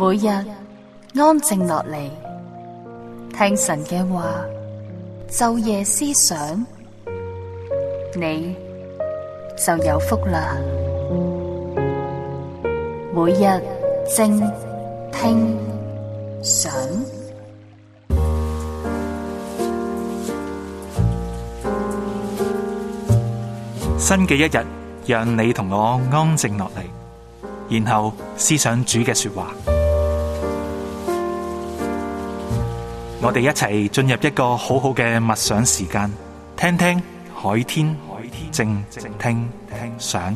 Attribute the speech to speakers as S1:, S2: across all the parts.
S1: 每日安靜落嚟，聽神嘅話，晝夜思想，你就有福啦。每日靜聽想，
S2: 新嘅一日，讓你同我安靜落嚟，然後思想主嘅說話。我哋一齊進入一個好好嘅默想時間，聽聽海天，海天靜靜聽想。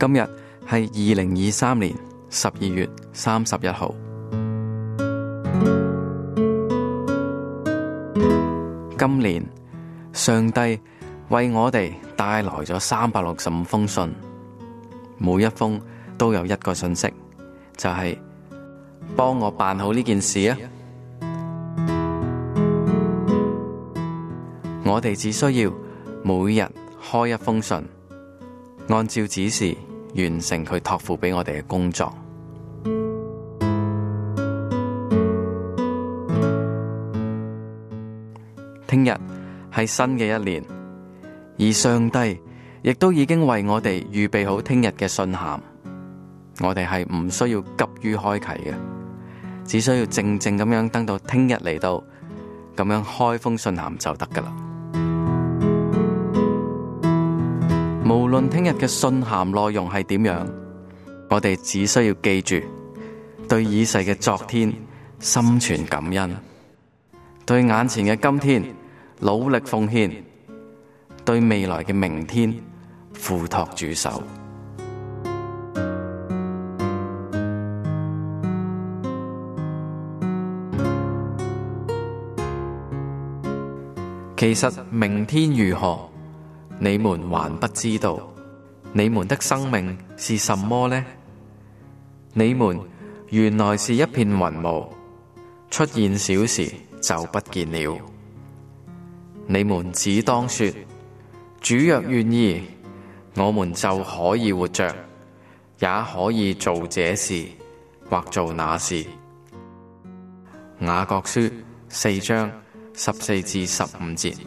S1: 今日係二零二三年十二月三十一號。今年上帝，為我哋帶來咗三百六十五封信，每一封都有一個信息，就係、是、幫我辦好呢件事啊！ 我哋只需要每日開一封信，按照指示完成佢托付俾我哋嘅工作。聽日係新嘅一年。而上帝亦都已經為我哋預備好聽日嘅信函，我哋係唔需要急於開啟嘅，只需要靜靜咁樣等到聽日嚟到，咁樣開封信函就得㗎喇。無論聽日嘅信函內容係點樣，我哋只需要記住，對已逝嘅昨天心存感恩，對眼前嘅今天努力奉獻。對未來嘅明天，付託主手。其實明天如何，你們還不知道。你們的生命是什麼呢？你們原來是一片雲霧，出現小時就不見了。你們只當說。主若願意，我們就可以活着，也可以做這事，或做那事。雅各書四章十四至十五節。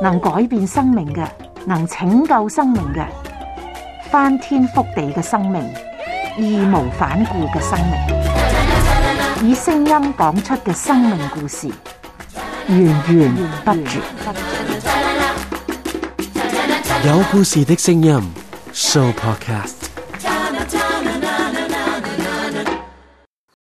S1: 能改變生命嘅，能拯救生命嘅，翻天覆地嘅生命，義無反顧嘅生命，以聲音講出嘅生命故事，源源不絕，有故事的聲音，Sooo podcast。